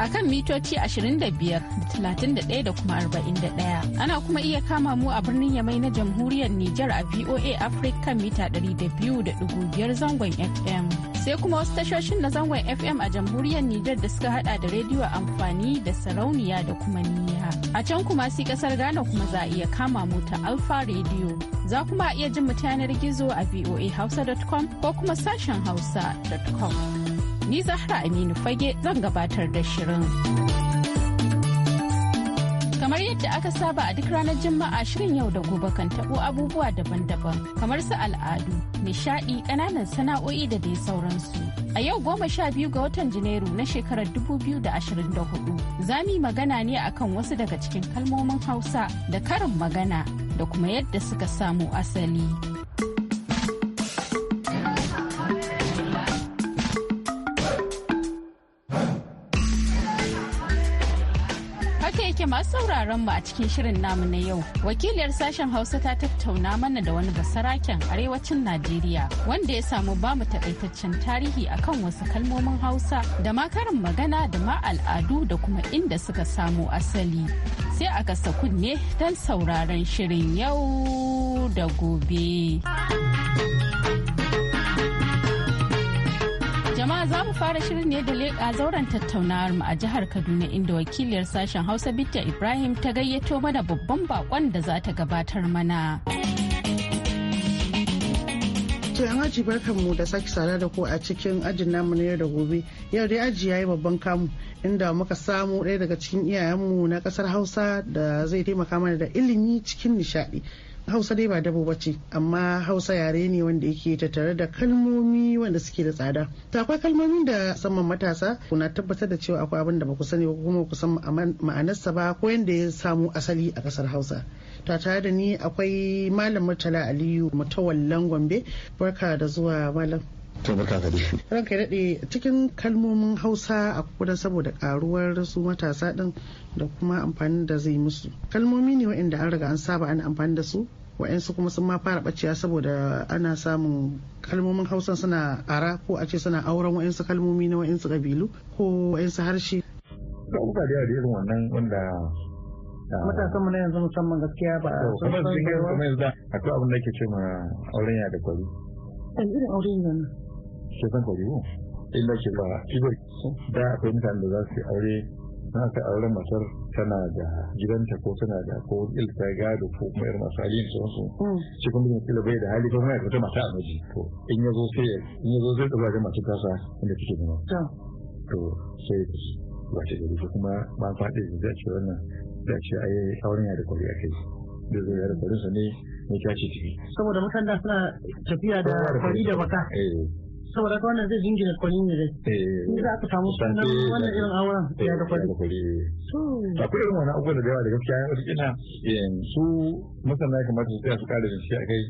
a kan mitoci 25 31 da kuma 41 ana kuma iya kama mu a birnin yamai na jamhuriyar Nijar a VOA Africa da mita 200.5 zangon FM sai kuma wasu tashoshin na zangon FM a jamhuriyar Nijar da suka hada da rediyo amfani da sarauniya da kuma niya a can kuma si kasar Ghana kuma za a iya kama mu ta alfa Radio za kuma iya jin mu ta yanar gizo a voahausa.com ko kuma sashen hausa.com ni Zahra Aminu Fage zan gabatar da shirin. Kamar yadda aka saba a duk ranar Juma'a shirin yau da gobe kan tabo abubuwa daban-daban kamar su al'adu, nishadi, ƙananan sana'o'i da dai sauransu. A yau goma sha biyu ga watan Janairu na shekarar 2024 za mu yi magana ne akan wasu daga cikin kalmomin Hausa da karin magana da kuma yadda suka samu asali. sauraron mu a cikin shirin namu na yau wakiliyar sashen hausa ta tattauna mana da wani basaraken arewacin najeriya wanda ya samu bamu takaitaccen tarihi akan wasu kalmomin hausa da ma karin magana da ma al'adu da kuma inda suka samo asali sai a kasa kunne don sauraron shirin yau da gobe. Jama'a za mu fara shirin ne da leƙa zauren tattaunawar mu a jihar Kaduna inda wakiliyar sashen Hausa Bitta Ibrahim ta gayyato mana babban bakon da za ta gabatar mana. To yan aji barkan mu da sake sada da ku a cikin ajin namu na da gobe. Yau dai aji yayi babban kamu inda muka samu ɗaya daga cikin iyayenmu na kasar Hausa da zai taimaka mana da ilimi cikin nishaɗi. hausa dai ba dabo bace amma hausa yare ne wanda yake tattare da kalmomi wanda suke da tsada ta akwai kalmomin da saman matasa kuna tabbatar da cewa akwai abin da ba ku sani ba kuma ku san ma'anarsa ba ko yanda ya samu asali a kasar hausa ta tare da ni akwai malam murtala aliyu mutawallan gombe barka da zuwa malam to barka ka dashi ranka daɗe cikin kalmomin hausa a kudan saboda karuwar su matasa din da kuma amfanin da zai musu kalmomi ne waɗanda an riga an saba ana amfani da su wa'insu kuma sun ma fara ɓaciya saboda ana samun kalmomin hausa suna ara ko a ce suna auren wa'insu kalmomi na wa'insu ƙabilu ko wa'insu harshe. abubuwa da yawa irin wannan wanda ah, matasan mu na yanzu musamman gaskiya ba a kuma yanzu to abin da ke ce ma auren ya da kwari. irin auren yanzu shekwan in illa ke ba ibar da akwai mutane da za su aure na ta aure matar tana da gidanta ko tana da ko ilta gado ko kuma irin masu halin da sauransu hmm. shi kuma mutum kila bai da hali ko mai wata mata a maji to in ya zo sai in ya zo zai ɗaga ga masu kasa inda take nema to sai ba ta gari kuma ba faɗi da zai ce wannan da ce ai auren ya da kwari a kai da zai ya da kwarinsa ne ya kyace ciki saboda mutane suna tafiya da kwari da baka saboda ka wannan zai jingina kwari ne dai in za ka samu sunan wannan irin auren ya da kwari akwai irin wani abubuwan da yawa da gaskiya ina su masana ya kamata su tsaya su kare shi a kai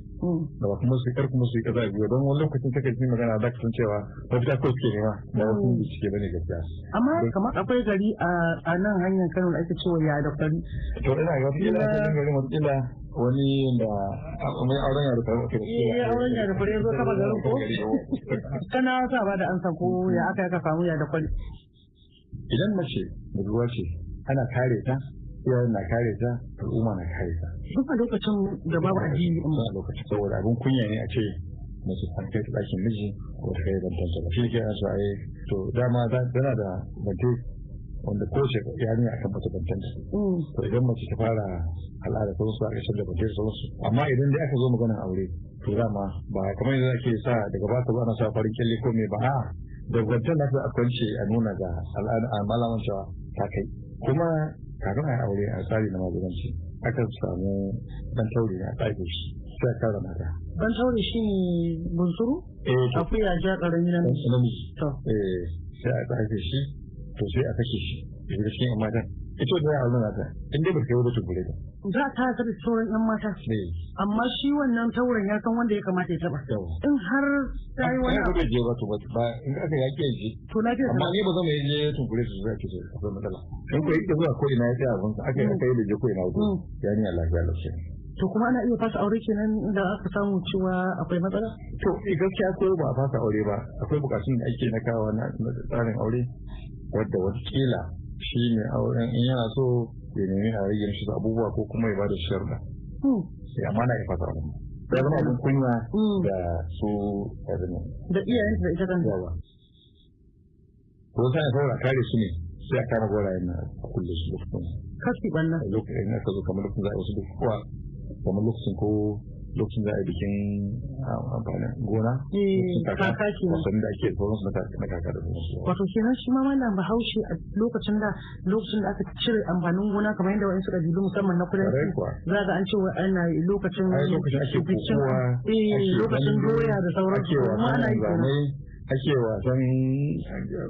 da ba kuma su kar kuma su yi kaza biyu don wani lokacin take ji magana za ka san cewa mafita ko suke nema ba wasu bincike bane gaskiya amma kamar akwai gari a nan hanyar Kano da ake cewa ya da kwari to ina ga wata da wata gari wata wani da mai auren ya rufe wata ya eh, auren ya rufe zo kafa garin ko kana sa ba da ansa ko ya aka aka samu ya da kwali idan mace ruwa ce ana kare ta iyayen na kare ta al'umma na kare ta duk a lokacin da babu addini in um. ba lokacin saboda abin kunya ne a ce mace an kai ta ɗakin miji ko ta kai bantan ta ba shi ke ana so a yi to dama zana da bantai wanda ko ya yani a kan matabantan to idan mace ta fara al'ada ta su a ƙasar da bakin sauransu amma idan dai aka zo magana aure to dama ba kamar yadda ake sa daga ba ta zana sa farin kyalle ko me ba a dangantar da a kwance a nuna ga al'ada a malaman cewa ta kai kuma kafin a aure a tsari na magudanci akan samu dan taure a tsari shi sai ka rama da dan taure shi ne bunsuru eh, akwai ya ja karamin namiji to eh sai a tsari shi to sai a kake shi ya cikin matan ita da ya aure ta in dai ba kai wani tukure ta za ta ga sauran yan mata eh. amma shi wannan tauren ya san wanda ya kamata ya taba in har yi wani abu da je ba to ba in aka yake shi to na ce amma ni ba zan yi je tukure su kisa a akwai matsala in ko yake zuwa ko ina ya tsaya abun aka mm. aka yi da je ko ina wato mm. ya ni Allah ya lafiya to kuma ana iya fasa aure kenan da aka samu cewa akwai matsala to eh, gaskiya ko ba a fasa aure ba akwai bukatun da ake na kawo na tsarin aure wadda watakila shi mai auren in yana so ya nemi a rage shi abubuwa ko kuma ya bada sharuɗa sai amana ya fasa abu ya zama abin kunya hmm. da su da iyayen da ita kan zaba. ko sai saura kare su ne sai a kama gorayen na kulle su da kuma kashi banna lokacin aka zo kamar lokacin za a wasu duk kowa kamar lokacin ko lokacin za a yi bikin ah, amfanin gona eh, kaka ke wasannin da ake sauransu na kaka da sauransu wato kenan shi ma malam bahaushe a lokacin da lokacin da aka cire amfanin gona kamar yadda wa'insu ƙabilu musamman na kudanci za ga an ce wa ana lokacin bikin eh, lokacin doya da sauransu kuma ana yi kenan ake wasan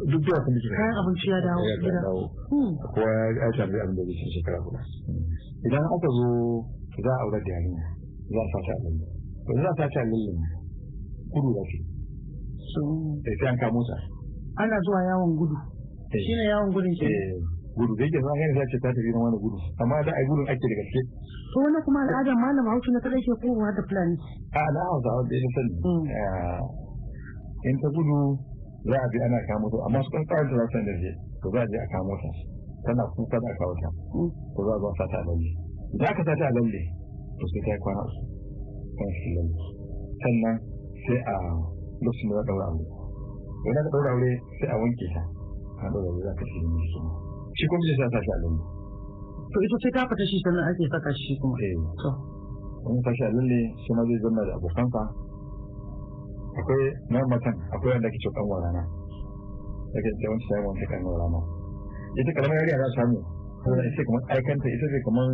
duk da wasan bikin kayan abinci ya dawo gida hmm. kowa ya tarbi abin da zai shekara kuma idan aka zo za a aurar da yarinya za a ta alalla ba za ta ta alalla gudu da su sun da ta ana zuwa yawon gudu eh. shi ne yawon gudun shi eh, gudu da yake za a za ce ta tafi wani gudu amma da ai gudun ake da gaske to wani kuma al'adar malam hausa na kadai ke kowa da fulani a na hausa wanda ya sani hmm. eh, in ta gudu za a bi ana kamo to amma su kan tsawon da za su da je to za a je a kamo ta tana kuka da kawo ta hmm. ko za a zo sa ta lalle za ka sa lalle to sai ta kwana uku kan shi sannan sai a lokacin da za ɗaura aure idan aka ɗaura aure sai a wanke ta a ɗaura aure za ka shi lalle shi shi kuma sai sa shi a lalle. to ita ce ta fita shi sannan ake saka shi kuma. Eh. wani sashi a lalle shi ma zai zama da abokansa akwai na matan akwai wanda ke ce kan warana daga yawanci ta yi wanda kan warana ita karamar yariya za a samu saboda ita kamar aikanta ita ce kamar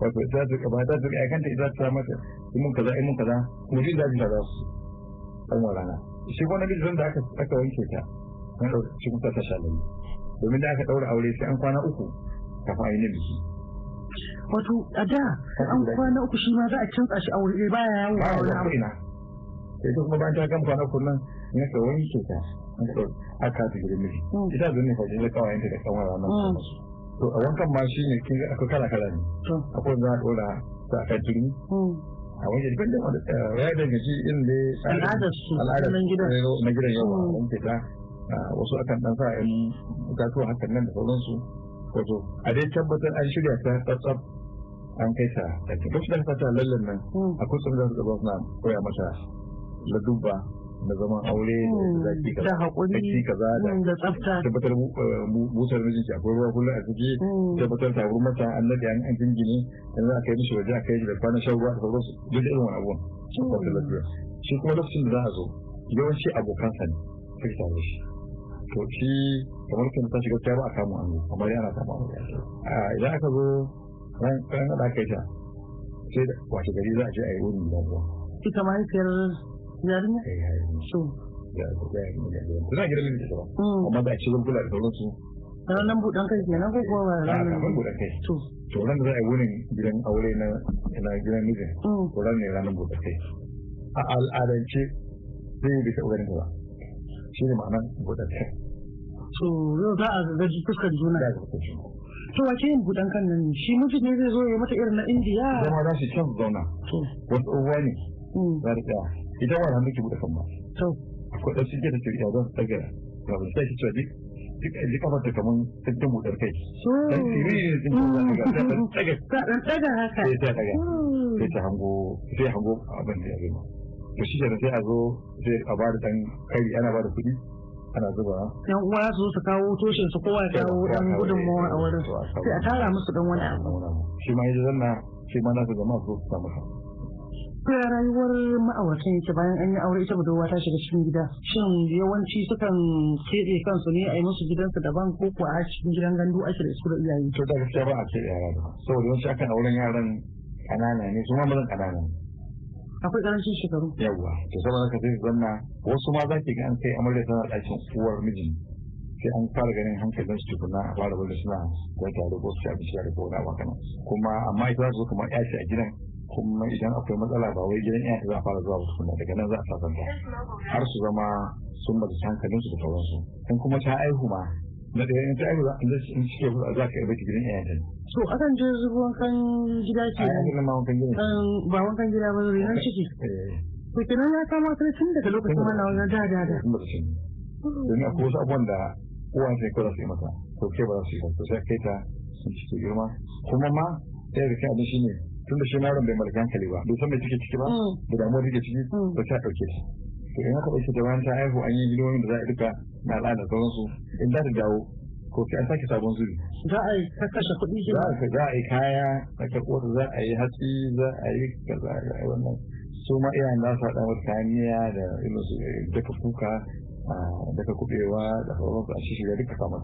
wato ita za ta ba ta ta kanta ita ta mata in mun kaza in mun kaza kuma shi zaji ta za su kan warana shi ko na zan da aka aka wanke ta an dauka shi kuma ta shalali domin da aka daura aure sai an kwana uku Kafa a yi na biki wato a da an kwana uku shi ma za a canza shi aure eh, Ba ya yawo a wani abu ina sai duk kuma bayan ta gama kwana uku nan in ka wanke ta aka ta gidan mm. ita zan ne fa da da ta da kan warana to a wankan ma shi ne kin akwai kala kala ne akwai wanda za a dora ta kan jiri hmm. a wajen jikin da wanda eh, ya dangaci da eh, al'adar su na gidan eh, na gidan a hmm. wanke ta ah, wasu akan dan sa in gasuwa hakan nan da sauransu to a dai tabbatar an shirya ta tsatsaf an kai ta ɗaki. Hmm. Kashi da ta lallan nan, akwai sun da su na suna koya mata ladubba na zaman aure hmm, da zaki kaza da hakuri kaza hmm, da tsafta tabbatar busar eh, mijinki akwai ruwa kullum a ciki hmm. tabbatar tabar masa an nade an jingine yanzu aka yi mishi waje aka yi da kwana shan ruwa da sauransu duk da irin wani abubuwan tabbatar lafiya shi kuma lokacin da za a zo yawanci abokansa ne sai tare shi to shi kamar kan ta shiga ba a kama hannu. amma yana samu an idan aka zo ran ran da aka yi ta sai da wace gari za a je a yi wurin da ruwa ita ma yarinya so za a gidan da mm. amma da a cikin kula da sauransu ranar buɗan kai kenan ko kuma ah, ranar buɗan kai to to ran za a yi wurin gidan aure na na gidan mijin mm. to ran ne ranar buɗan kai a al'adance zai yi bisa ƙoƙarin ba shi ne ma'anar buɗan kai so yau za a gaji fuskar juna to wace yin buɗan kan nan shi mutum ne zai zo ya irin na indiya zama za su can zauna wasu uwa ne mm. za ta idan wani hannun ki buɗe kan ma to akwai ɗan shi da kirya zan daga rabin sai shi cewa duk duk a ji kamar da kamar tattun buɗar kai dan siriri ne jin da daga ta ɗan daga ta ɗan daga haka sai ta daga hmm. sai ta hango sai hango abin da ya zama to shi kenan sai a zo sai a ba da ɗan kari ana ba da kuɗi ana zuba yan uwa su su kawo toshin su kowa ya kawo dan gudunmawa a wurin sai a tara musu dan wani abu shi ma yaji zanna shi ma na su zama su samu Ya rayuwar ma'auratan yake bayan an yi aure ita budurwa ta shiga cikin gida. Shin yawanci sukan keɓe kansu ne a yi musu gidansu daban ko kuwa a cikin gidan gandu ake da su da iyaye. To da gaskiya ba a ce yara ba. Saboda yawanci akan auren yaran ƙanana ne su ma mazan ƙanana ne. akwai karancin shekaru. Yawwa, to saboda ka sai zanna wasu ma za ki ga an kai amarya tana ɗakin uwar mijin sai an fara ganin hankalin su tukuna a fara wani suna ko tare ko su abinci da ko wani abu Kuma amma ita za su zo kamar ƴaci a gidan kuma idan akwai matsala ba wai gidan yanka za a fara zuwa ba daga nan za a sasanta har su zama sun bata hankalin su da sauransu in kuma ta aihu ma na da in ta aihu za a za ka yi gidan iyaye so akan je zuwa kan gida ce ba wankan gida ba zai nan ciki eh, eh, eh. to nan ya kama kai tun daga lokacin mana wani da da da domin akwai wasu abubuwan da uwa ne kawai su yi mata ko ke ba za su yi ba to sai kai ta sun ci girma kuma ma ɗaya da kai abin shi ne tun da shi yaron bai mallaki hankali ba bai san me take ciki ba mm. da damuwa take ciki ba ta dauke shi to in aka dauke ta bayan ta haihu an yi gidoyin da za a duka na al'ada sauransu in za ta dawo ko sai an sake sabon zuri za a yi kashe kuɗi shi za a yi kaya a karɓuwar za a yi hatsi za a yi kaza a yi wannan su ma iyayen za su haɗa wata kamiya da irin su eh, daga kuka ah, daga kuɓewa da sauransu a shi duka kamar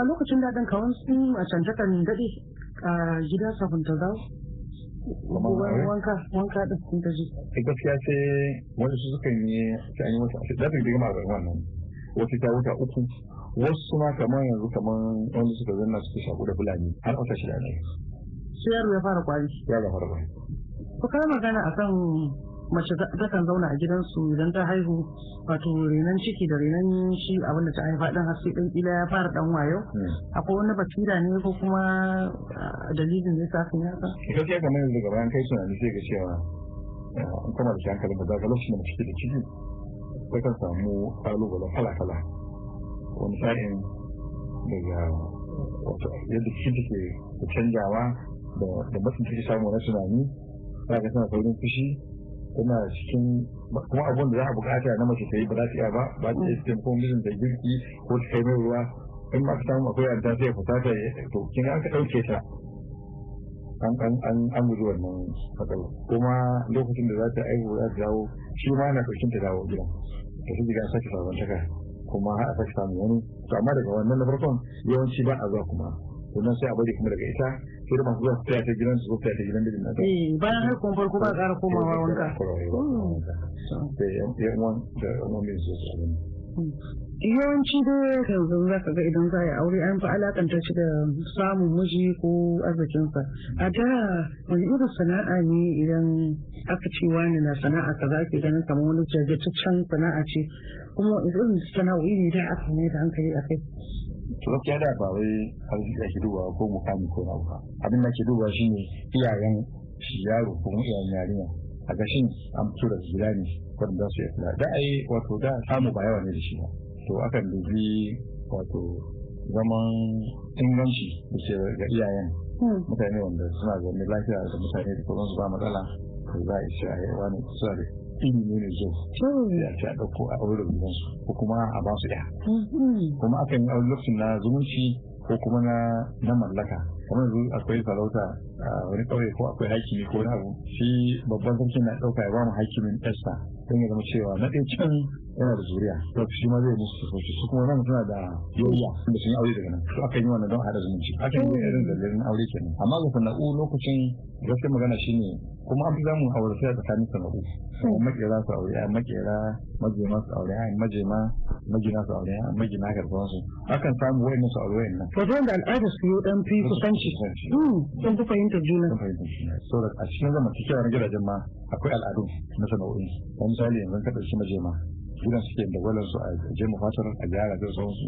a lokacin daɗin kawai sun a canje kan daɗe a ah, gida sabunta zau. wanka wanka da sun ta eh, gaskiya ce wani su suka yi ta an yi wata da ta yi magana wannan wata ta uku wasu suna kamar yanzu kamar wanda suka zanna suke shaku da fulani har wata shida sai yaro ya fara kwari ya fara kwari ku kai magana akan mace takan zauna a gidansu idan ta haihu wato renan ciki da renan shi abin da ta haifa ɗan har sai dan kila ya fara ɗan wayo hmm. akwai wani basira ne ko kuma dalilin da yasa sun yaka gaskiya kamar yanzu gaba kai tunani sai ga cewa in kana da hankalin ba za ka lokacin da ciki da ciki kan samu kalubale kala-kala wani sa'in daga wato yadda cikin take canjawa da matsin take samu na tunani za ka tana saurin fushi kuma cikin kuma abin da za a bukata na mace ta yi ba za ta iya ba ba ta iya ko mijin ta girki ko ta kai ruwa in ba ka samu akwai yadda sai fita ta to kin an ka ɗauke ta an an an an guji wannan matsala kuma lokacin da za ta aihu za ta dawo shi ma yana ɗaukin ta dawo gidan ta fi gida sake sabon taka kuma a sake samu wani to amma daga wannan na farkon yawanci ba a zuwa kuma sannan sai a bari kuma daga ita sai da masu zuwa ta gidan su ta gidan da ta. Eh, bayan har kuma farko ba ƙara komawa wanka eh, hmm. sai yan uwan da uwan bin su hmm. yawanci da yanzu za ka ga idan za a yi aure an fi alakanta shi da samun miji ko arzikinsa a da wani irin sana'a ne idan aka ce wani na sana'a ka za ki ganin kamar wani jajjaccen sana'a ce kuma irin sana'o'i ne da aka mai da hankali a kai to gaskiya da ba wai arziki ake duba ko mukami ko na ba abin da ake shi shine iyayen yaro ko iyayen yarinya a ga shin an fito da gida ne wanda su yi da ai wato da samu ba yawa ne da shi ba to akan dubi wato zaman inganci da ga iyayen hmm. mutane wanda suna zaune lafiya da mutane da kuma su ba matsala ko za a ce a yi wani tsari ilimi ne zo ya hmm. ce a ɗauko a wurin ruwan ko kuma a ba su ɗaya hmm. kuma akan yi a lokacin na zumunci ko kuma na mallaka kamar yanzu akwai farauta a wani ƙauye ko akwai hakimi ko wani abu shi babban sarkin na ɗauka ya ba mu hakimin ɗansa don ya zama cewa na ɗaya can yana da zuriya to shi ma zai musu sosai su kuma nan suna da yoya da sun yi aure daga nan su aka yi wannan don haɗa zumunci akan yi wani irin zallerin aure kenan amma ga sana'u lokacin gaske magana shi ne kuma an fi zamu aure sai a tsakanin sana'u kuma hmm. makera su aure a makera majema su aure a majema magina su aure a magina garkuwa su akan samu wa'in su aure wayannan to da al'ada su yi dan hmm. fi kusanci sun fi fahimtar juna sun fahimtar juna so da a cikin zama cikin gidajen ma akwai al'adu na sana'o'i wani misali yanzu ka ɗauki majema gidan suke da gwalar su a je mu fatar a gyara da sauransu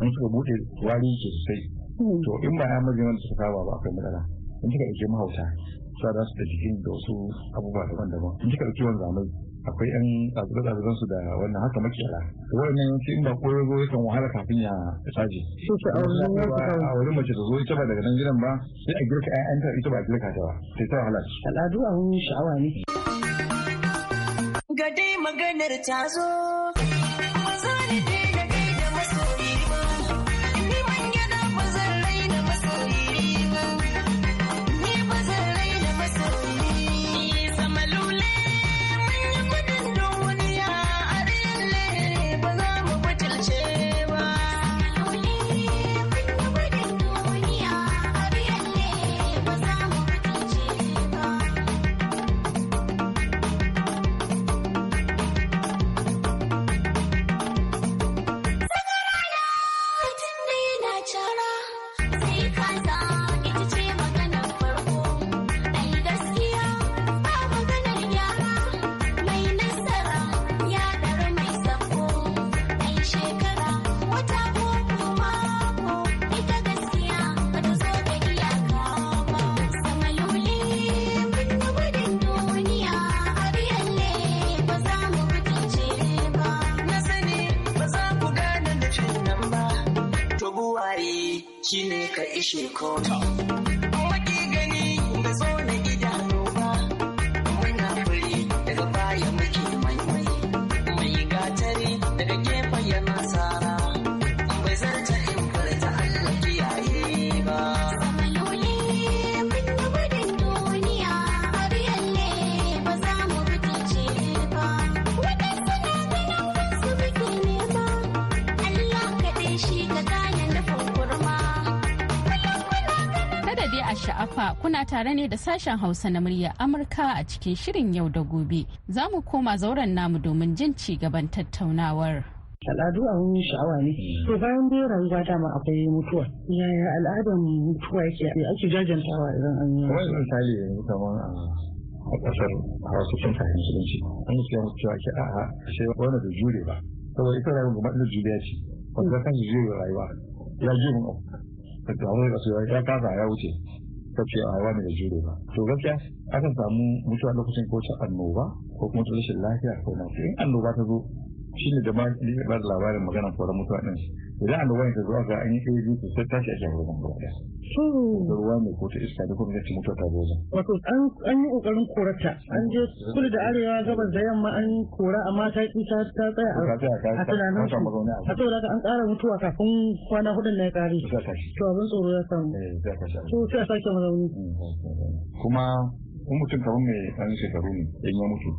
in suka buɗe wari sosai hmm. to in ba ya majema da suka kawo ba akwai matsala in suka ɗauki mahauta da su da jikin da wasu abubuwa daban-daban in kika ciwon zamai akwai yan tsazazazan su da wannan haka makera wannan yanci in ba koyo zo yakan wahala kafin ya saje a wurin mace ta zo ita ba daga nan gidan ba sai a girka ta ita ba a girka ta ba sai ta wahala al'adu a wurin sha'awa ne ga dai maganar ta zo 了。心里一起苦 sha'afa kuna tare ne da sashen Hausa na murya Amurka a cikin shirin yau da gobe. Za mu koma zauren namu domin jin ci gaban tattaunawar. al'adu a wani sha'awa ne to bayan dai rayuwa dama akwai mutuwa yaya al'adar mutuwa yake ake jajantawa idan an yi wani misali yanzu kamar a kasar hausa sun fahimci musulunci an yi kiyar mutuwa ke a sai wani da jure ba saboda ita rayuwa gaba da juriya ce wanda kan jure rayuwa ya ji mun abu da kamar ya kasa ya wuce ka ce a wani da jure ba to gaskiya akan samu mutuwa lokacin ko ta annoba ko kuma ta rashin lafiya ko na in annoba ta zo shine da ma ba da labarin magana da mutuwa din idan annoban ta zuwa ga an yi ɗaya biyu sai tashi a shahararren gaba ɗaya. da ruwa mai ko iska da kuma zai mutuwa ta zo wato an yi ƙoƙarin korata an je kudu da arewa gabas da yamma an yi kora amma ta ƙi ta tsaya a tunanin su a saboda haka an ƙara mutuwa kafin kwana hudun na ya ƙare to abin tsoro ya samu eh, to sai a sake mazauni. Mm, kuma kun mutum kamar mai ɗan shekaru ne in ya mutu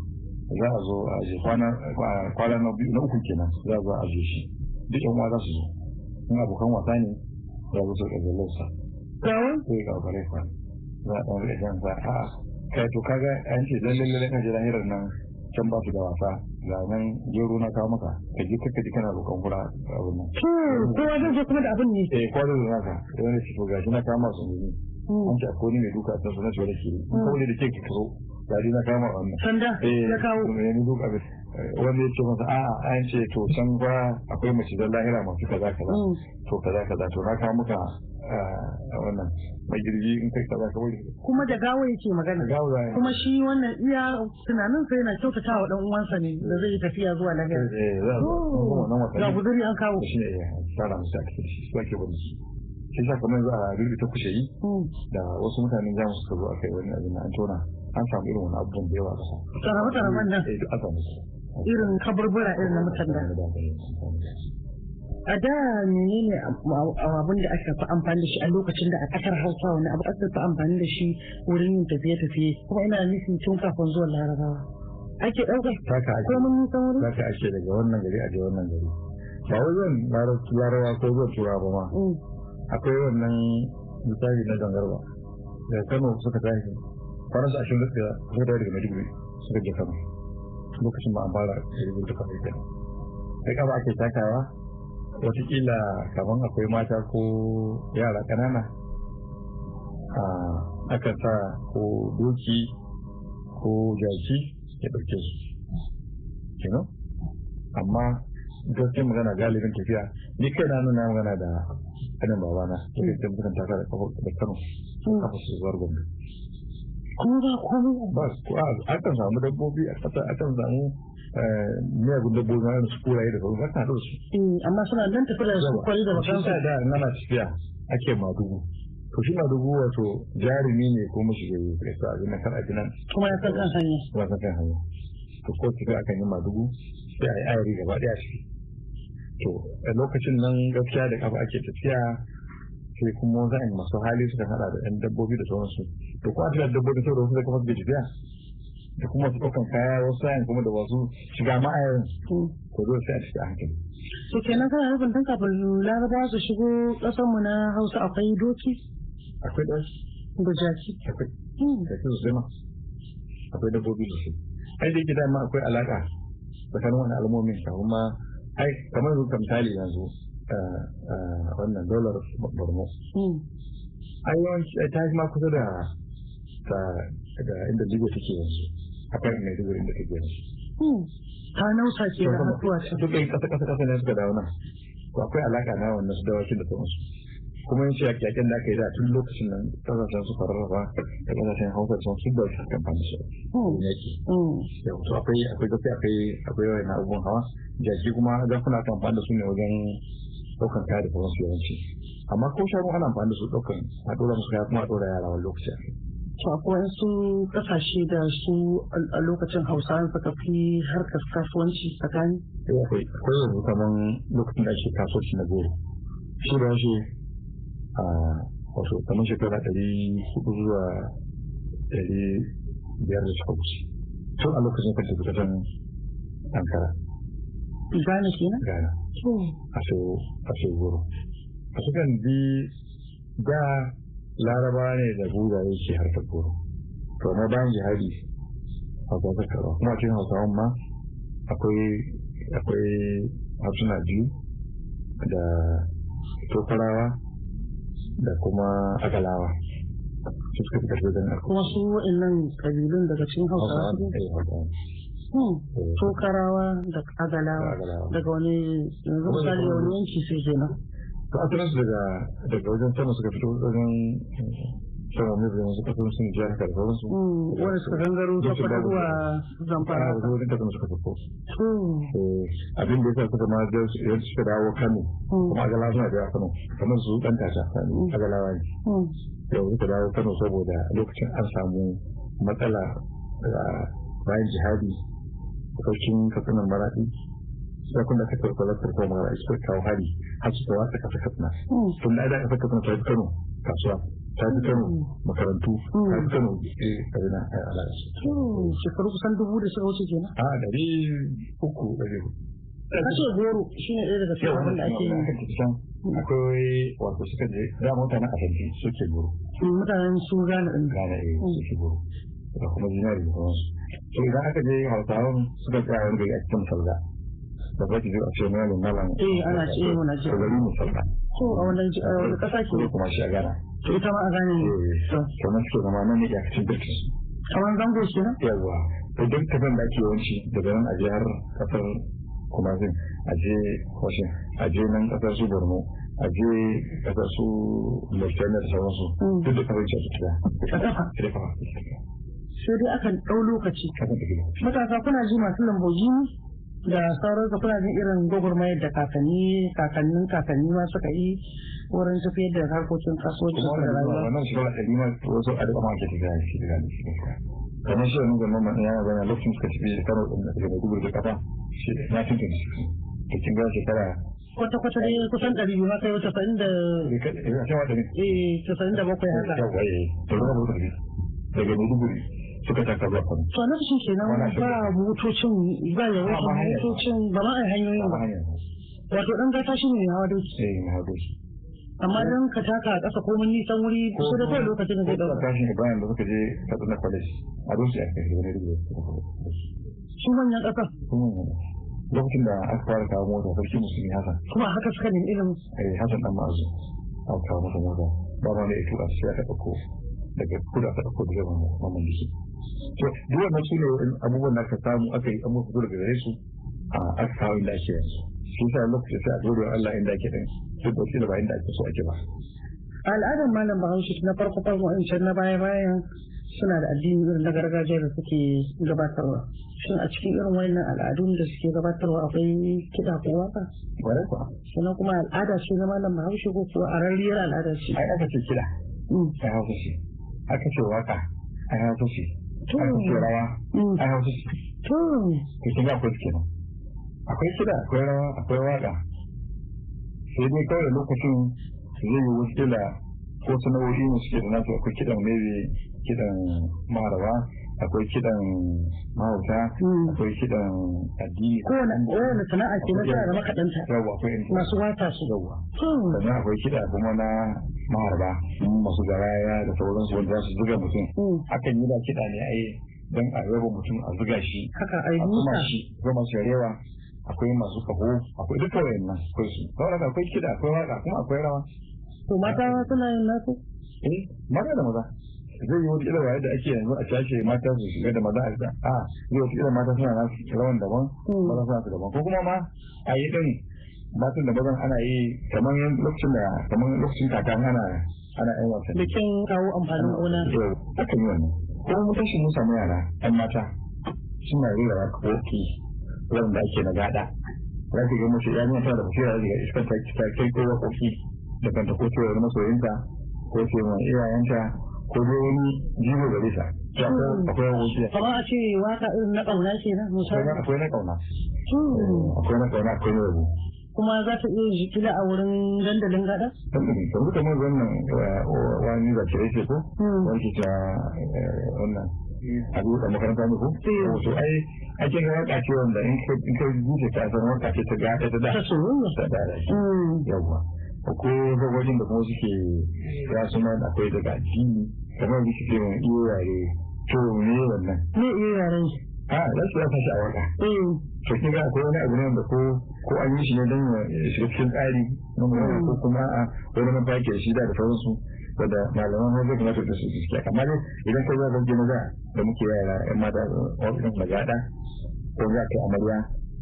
za a zo a je kwana na uku kenan za a zo a je shi duk yan uwa za su zo in abokan wasa ne ya wuce da jalisa sai ga bare sa za a ɗaure ɗan za a kai eh, to kaga an ce lallai lallai kan jira hirar nan can ba su da wasa ga nan gero na kawo maka ka ji kaka ji kana roƙon kura wurin nan. kowa zai je kuma da abin ne. eh kowa zai naka da wani shi gashi na kawo masu ne. Hmm. an ce akwai ni mai duka a can su na shi wani ke. kawai da ke ki turo gari na kama wannan. sanda ya eh, kawo. mai duka abin. wanda yake masa a an ce to can ba akwai mace da lahira masu kaza kaza mm. to kaza kaza to na kawo muka ah, wannan magirgi in kai kaza ka wuri kuma da gawo yake magana Gawo kuma shi wannan iya tunanin sai yana kyautata wa dan uwansa ne da zai tafiya zuwa lahira eh, eh, oh. ga guduri an kawo shi ne tsara eh, musu a cikin shi ake bane shi sa kamar za a rubuta kushe yi mm. da wasu mutanen jamus suka zo a kai wani abin an tona an samu irin wani abubuwan da yawa a ƙasa. Tsarabe-tsaraben nan. Eh, an samu su. irin kaburbura irin na mutane. a da menene abin da aka fi amfani da shi a lokacin da a kasar hausa wani abu aka fi amfani da shi wurin yin tafiye-tafiye kuma ina nufin tun kafin zuwan larabawa ake ɗauka ko mun yi sauri ake daga wannan gari a wannan gari ba wajen larabawa ko zuwa tura ba ma mm. akwai wannan misali na dangarba da kano suka tashi kwanan su ashirin da suka tashi daga maiduguri suka je kano lokacin ba a fara rubin duka mai gani sai kaba ake takawa watakila kamar akwai mata ko yara ƙanana akan sa ko doki ko jaki ya ɗauke su kenan amma gaskiyar magana galibin tafiya ni kai na nuna magana da kanin babana to yi mutum taka da kano kafa su zuwar gwamnati kuma ba komai ba su kuwa akan samu dabbobi a kasa akan samu eh, miyagun dabbobi na su kuraye da sauran kan haɗu su. Mm, amma suna nan tafi da su kwari da shi sa da nana tafiya ake madugu to shi madugu wato jarumi ne ko musu da yi da a zama kan ajinan. kuma ya san kan hanya. kuma san kan hanya to ko tafiya akan yi madugu sai a yi ayari gaba ɗaya ciki. to a lokacin nan gaskiya da kafa ake tafiya sai kuma za wani masu hali suka haɗa da 'yan dabbobi da sauransu. da kwafilar dabbobi da wasu zai wasu da tafiya da kuma su ɗaukan kaya wasu sayan kuma da wasu shiga ma'ayar su ko zo sai a cikin hankali. to kenan kana nufin tun kafin laraba su shigo ƙasarmu na hausa akwai doki. akwai ɗan. da jaki. akwai da su zama akwai dabbobi da su. ai da yake dama akwai alaƙa tsakanin wani al'ummomin ta kuma ai kamar yanzu kamtali yanzu eh, eh, wannan dolar borno. Hmm. ai yawanci ta ma kusa da ta daga inda jigo take yanzu a kan mai dubu take yanzu. Hmm. ta nausa ke da mutuwa ce. Duk ɗin kasa kasa ƙasa ne suka dawo nan. Akwai alaka na wannan su dawakin da sauransu. kuma yin yaƙi yaƙen da aka yi da tun lokacin nan ƙasashen su fararraba da ƙasashen hausa sun su da suka kamfani su yaƙi. Hmm. Hmm. Yau akwai akwai gafi akwai akwai yawan abubuwan hawa jaki kuma zakuna kan amfani da su ne wajen ɗaukan kaya da sauransu yawanci. Amma ko shanu ana amfani da su ɗaukan a ɗora musu kaya kuma a ɗora yara wani lokaci. shakuwan su kasashe da su a lokacin hausawa suka fi harkar kasuwanci tsakani? Eh, akwai yanzu kamar lokacin da ake kasuwanci na goro. Shi ba shi a wasu kamar shekara ɗari hudu zuwa ɗari biyar da suka wuce. Tun a lokacin kan tafi kasan Ankara. Gana kenan? Gana. Hmm. A so goro. A sukan bi da laraba ne da buraye ke harka goro to na bayan jihadi a gaba karo kuma cikin hausawan ma akwai akwai harsuna biyu da tokarawa da kuma agalawa su suka fi karfi kuma su wa'annan kabilun daga cikin hausawa su hmm, eh. tokarawa da agalawa daga wani yanzu misali wani yanki sai kenan to asalin daga daga wajen tana suka fito wajen shanar mai bayan suka fito sun jihar karfafin su wani suka gangaro ta fata zuwa zamfara a wajen ta suka fito abin da ya sa suka ma yar suka dawo kano kuma agala suna da kano kamar su dan tasa agalawa ne yau suka dawo kano saboda lokacin an samu matsala bayan jihadi kafin kafinan maraɗi sakon da ka karɓa za ma a cikin kawo hari har su kawo ta kasa kasna mm. tun da aka kasna ta kano kasuwa ta fi kano mm. makarantu ta fi mm. kano eh, a yana a eh, alaƙa shekaru kusan dubu da suka wuce kenan a ɗari uku ɗari kashe goro shi ɗaya daga cikin abin da ake yi akwai wato suka je da mutanen asali suke goro mutanen su gane ɗin gane eh, suke goro da kuma zinari da sauransu to idan aka je hausawan suka tsaya wani gari cikin sallah da zaki ji a ce malam malam eh ana ce muna ji gari mu sallah ko a wannan wani kasa ke kuma shi a gana. to ita ma a gane eh, to kuma suke zama nan ne yakacin birki kamar zango shi na yawa to duk tafan da ake yawanci daga nan a jihar kasar kuma zin aje kwashin aje nan kasar su borno aje kasar su lafiya da sauransu mm. duk da kawai ce su kira da kafa sai dai akan ɗau lokaci matasa kuna ji masu lambobi da sauran su kuna jin irin gwagwarmayar da kakanni kakannin kakanni ma suka yi wurin tafiyar da harkokin kasuwanci da rayuwa. Wannan shi ba ta yi ma wasu al'umma ke tafiya shi da gani shi kamar shi wani gwamnan mai yana gana lokacin suka tafi shekarar da mai gudu da kafa shi na tun tun da kin ga shekara kwata-kwata dai kusan ɗari biyu haka yau tasa'in da eh tasa'in eh, eh, da bakwai haka. Yawwa da eh, to daga Maiduguri suka taka zuwa Kano. To lokacin kenan ba motocin ba ya wasu motocin ba ma a hanyoyin ba. Wato ɗan gata shi ne na hawa doki. Eh na hawa doki. Amma eh. don ka taka a ƙasa komai nisan wuri kusa da kawai lokacin da zai Ka shi ne bayan da suka je Katsina College a doki a kai wani rigiyar suka kawo. Su manyan ƙasa. Lokacin da aka fara kawo mota sarki musulmi Hassan. Kuma haka suka nemi ilimin. Eh Hassan ɗan ma'azu. Aka kawo masa mota. Ba ma ne ya tura su ya taɓa ko daga kuda ta ɗauko da yawan mamman jiki. to duk wannan su ne abubuwan da aka samu aka yi amma kuma ga gare su a aka kawo inda ake yanzu shi sa lokacin sai a gode Allah inda ake din duk wasu da ba inda ake so ake ba al'adar malam bahaushe na farko farko in na baya bayan suna da addini na gargajiya da suke gabatarwa shin a cikin irin wannan al'adun da suke gabatarwa akwai kiɗa ko waka kuwa. sannan kuma al'ada ce na malam bahaushe ko kuwa a rarriyar al'ada ce ai aka ce kiɗa mm. ai hausa ce aka ce waka ai hausa ce an suke rawa mm. an hausa ciki to kin ga akwai kenan akwai kiɗa akwai rawa akwai waka. sai dai kawai lokacin zai yi wasu kila ko sanarwoyi ne suke da nasu akwai kiɗan maybe kiɗan marawa akwai kiɗan mahauta mm. akwai kiɗan addini Ko wani kowane sana'a ke na da makaɗanta masu wata su yawa mm. sannan akwai kiɗa kuma na maharba masu garaya da su wanda su zuga mutum mm. Aka yi ba kiɗa ne ai don a raba mutum a zuga shi haka ai kuma shi goma shi rewa akwai masu kaho akwai duka wayannan akwai su saboda akwai kiɗa akwai waƙa kuma akwai rawa to mata suna yin nasu eh mata da maza zai yi wata ilawa yadda ake yanzu a cashe mata su shiga da maza a a ah, zai wata ilawa mata suna nasu rawan daban mm. maza suna su daban ko kuma ma a yi ɗin matan da bazan ana yi kamar lokacin da kamar lokacin kakan ana ana yan wasa bikin kawo amfanin gona akan yi wannan kuma mun tashi mun samu yara ɗan mata suna rera wa koki wanda ake na gada za ki ga shi ya ne ta da basira daga iskar ta ta kai ko wa koki da kanta ko cewa masoyinta ko ce ma iyayenta ko dai wani jibo gare ta hmm. akwai wani kamar a ce waka na kauna ce na musamman akwai na kauna akwai na kauna hmm. akwai na yabo kuma za ta iya jikila a wurin dandalin gada? Tambu eh, ta mun hmm. eh, wannan wani ba ce yake ko? Wani ta wannan abu da makaranta ne ko? Wato hmm. ai a cikin waka ce wanda in ka zuce ta san waka ce ta gada ta da. Ta so. Ta da. Hmm. Ko ko wajen da kuma suke ya suna da kai daga addini kamar da suke mun iya yare. To ne wannan? Ne iya yare. A, lafiya su ya fashi a waka. To kin ga akwai wani abu ne da ko ko an yi shi ne don ya tsari na mulki ko kuma a wani mafaki da shida da sauransu wadda malaman wanda kamata da su suke amma ne idan ka za ka je maza da muke yara yan mata wakilan magaɗa ko za ka amarya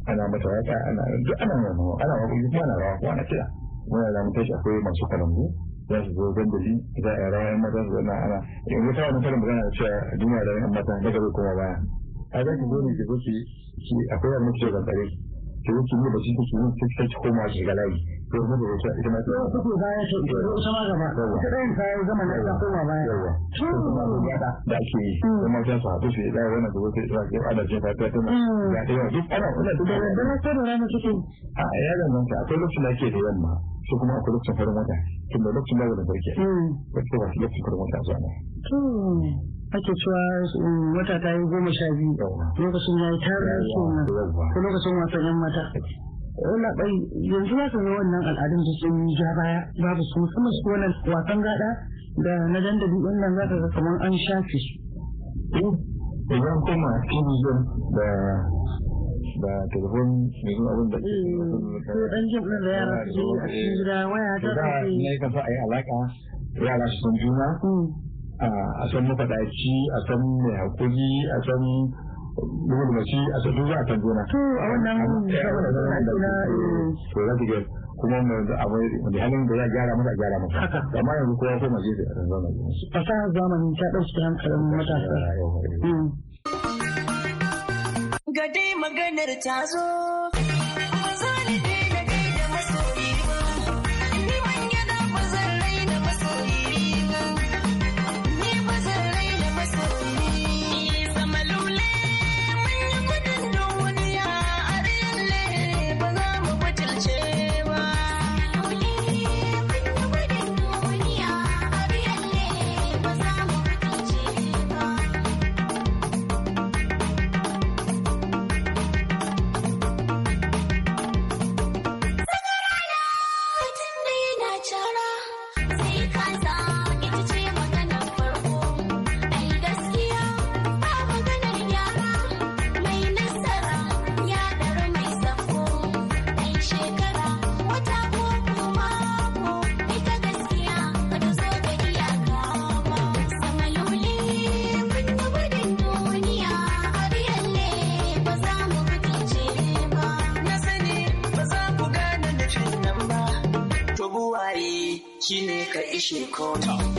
ana mata waka ana duk ana nuna ana yi kuma ana rawa kuma ana kira wani da mutum shi akwai masu kalangu za su zo zan da shi za a rawa yan mata su zana ana yanzu ta wani karin zana da cewa duniya da yan mata daga bai kuma baya a zaki zo ne ki zo ki akwai wani mutum da tsare to yake ne bashi take yin sai sai koma shiga layi to mu da wata ita ma ta ko ko baya to ko sama gaba ta dai sai zaman da ta koma ba. yawa to kuma da da ke kuma ta sa to sai da wannan gobe sai ta ga ana je ta ta ya ta duk ana wannan da na sai da rana take a ya da nan akwai lokacin da ke da yamma su kuma akwai lokacin farin wata kin da lokacin da da barke ko ba lokacin farin wata zuwa to ake cewa mm, wata ta yi goma sha biyu lokacin ya yi tara ko lokacin wasan yan mata wani bai yanzu ya wannan al'adun da sun ja baya babu su musamman su wannan wasan gada da na dandali wannan za ka ga kamar an shafe su. Idan waya da a san mafaɗaci a san mai hakuri a san dole mace a san duk a san gona. a wannan eh, eh. to za ki kuma da halin da za a gyara masa a gyara masa amma yanzu kowa ko mace da san zama fasaha zamanin ta ɗauki hankalin matasa. Hmm. Gade maganar ta zo. she caught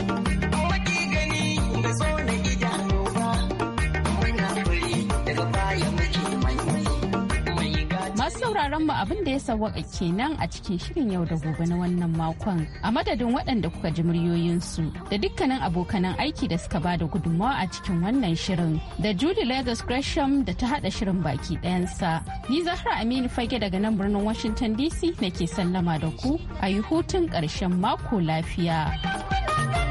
sauraron mu abin da ya sawwaka kenan a cikin shirin yau da gobe na wannan makon. A madadin waɗanda kuka ji muryoyinsu da dukkanin abokanan aiki da suka bada gudunmawa a cikin wannan shirin da Julie Lagos Gresham da ta haɗa shirin baki ɗayansa. Ni Zahra Aminu Fage daga nan birnin Washington DC nake sallama da ku a yi hutun ƙarshen mako lafiya.